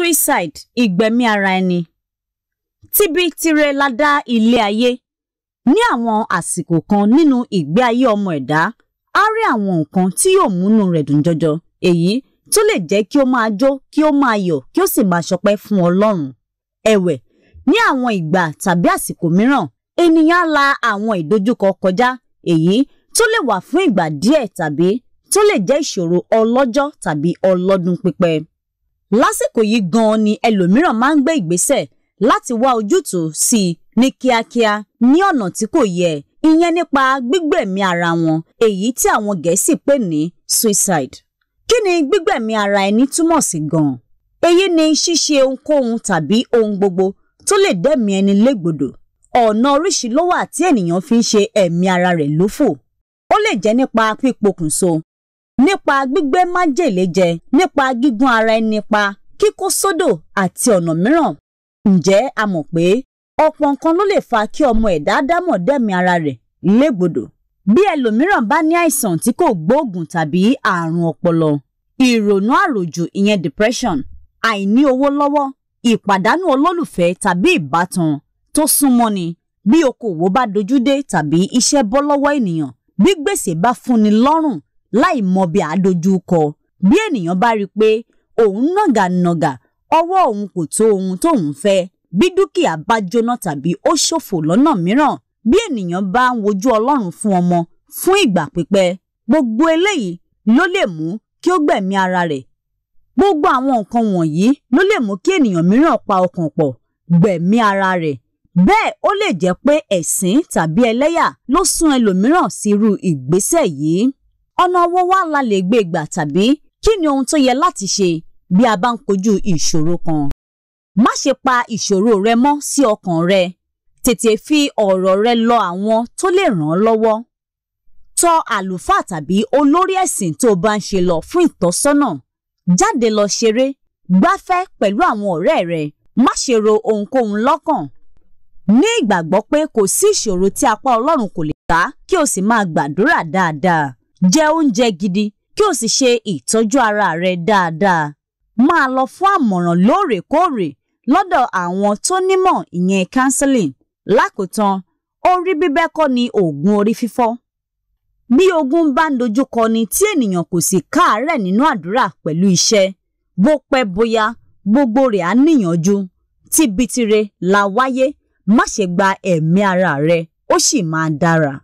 suicide ìgbẹ̀mí ara ẹni Tibi tirẹ̀ la dá ilé ayé ní àwọn àsìkò kan nínú ìgbé ayé ọmọ ẹ̀dá Ari rí àwọn ti tí yóò múnú rẹ̀ dùn jọjọ èyí tó lè jẹ́ kí ó máa jó kí ó máa yọ̀ kí ó sì máa ṣọpẹ́ fún Ọlọ́run ẹ̀wẹ̀ ní àwọn ìgbà tàbí àsìkò mìíràn la àwọn ìdojúkọ kọjá Eyi. tó lè wà fún ìgbà díẹ̀ tàbí tó lè jẹ́ ìṣòro ọlọ́jọ́ tàbí ọlọ́dún pípẹ́ lásìkò yìí gan-an ni ẹlòmíràn máa ń gbé ìgbésẹ̀ láti wá ojútùú sí i ní kíákíá ní ọ̀nà tí kò yẹ ìyẹn nípa gbígbẹ̀mí ara wọn èyí tí àwọn gẹ̀ẹ́sì pè ní suicide. kí ni gbígbẹ̀mí ara ẹni túmọ̀ sí gan-an? èyí ni ṣíṣe ohunkóhun tàbí ohun gbogbo tó lè dẹ̀mí ẹni légbodò. ọ̀nà oríṣi ló wà tí ènìyàn fi ń ṣe ẹ̀mí ara rẹ̀ lófò. ó lè jẹ́ nípa pípokùnso nípa gbígbé májèlé jẹ nípa gígún ara ẹni pa kíkó sódò àti ọ̀nà mìíràn ǹjẹ́ a mọ̀ pé ọ̀pọ̀ nǹkan ló lè fa kí ọmọ ẹ̀dá dámọ̀ dẹ́mi ara rẹ̀ légbodò bí ẹlòmíràn bá ní àìsàn tí kò gbóògùn tàbí àrùn ọpọlọ ìrònú àròjù ìyẹn depression àìní owó lọ́wọ́ ìpàdánù olólùfẹ́ tàbí ìbátan tó súnmọ́ni bí okòwò bá dojú dé tàbí iṣẹ́ bọ́ lọ́wọ́ ènìyàn bí gbèsè bá fúnni lọ́rùn láì mọ bí àádójú kọ bí ènìyàn bá rí i pé òun nàgànàgà ọwọ́ òun kò tó ohun tóun fẹ́ bí dúkìá bá jóná tàbí ó ṣòfò lọ́nà mìíràn bí ènìyàn bá ń wojú ọlọ́run fún ọmọ fún ìgbà pípẹ́ gbogbo eléyìí ló lè mú kí ó gbẹ̀mí ara rẹ̀ gbogbo àwọn nǹkan wọ̀nyí ló lè mú kí ènìyàn mìíràn pa ọkàn pọ̀ gbẹ̀mí ara rẹ̀ bẹ́ẹ̀ ó lè jẹ́ pé ẹ̀sìn tàbí ẹlẹ́yà ló sún ẹlòmíràn sí irú ìgbésẹ̀ yìí ọ̀nà wo wá la lè gbé gbà tàbí kí ni ohun tó yẹ láti ṣe bí a bá ń kojú ìṣòro kan. má ṣe pa ìṣòro rẹ mọ́ sí ọkàn rẹ tètè fi ọ̀rọ̀ rẹ lọ àwọn tó lè ràn án lọ́wọ́. tọ àlùfáà tàbí olórí ẹ̀sìn tó bá ń ṣe lọ fún ìtọ́sọ́nà jáde lọ ṣeré gbáfẹ́ pẹ̀lú àwọn ọ̀rẹ́ rẹ má ṣe ro ohunkóhun lọ́kàn ní ìgbàgbọ́ pé kò sí ìṣòro tí apá Ọlọ́run kò lè ká kí o sì máa gbàdúrà dáadáa jẹ oúnjẹ gidi kí o sì ṣe ìtọ́jú ara rẹ dáadáa. Máa lọ fún àmọ̀ràn lóòrèkóòrè lọ́dọ̀ àwọn tó nímọ̀ ìyẹn counseling. Lákòótán, orí bíbẹ́ kọ́ ni oògùn orí fífọ́. Bí ogun bá ń dojúkọ ni tí ènìyàn kò sì káàárẹ̀ nínú àdúrà pẹ̀lú iṣẹ́. Bó pẹ́ bóyá gbogbo rẹ̀ á níyànjú. Tìbítire la wáyé má ṣe gba ẹ̀mí ara rẹ ó sì máa dára.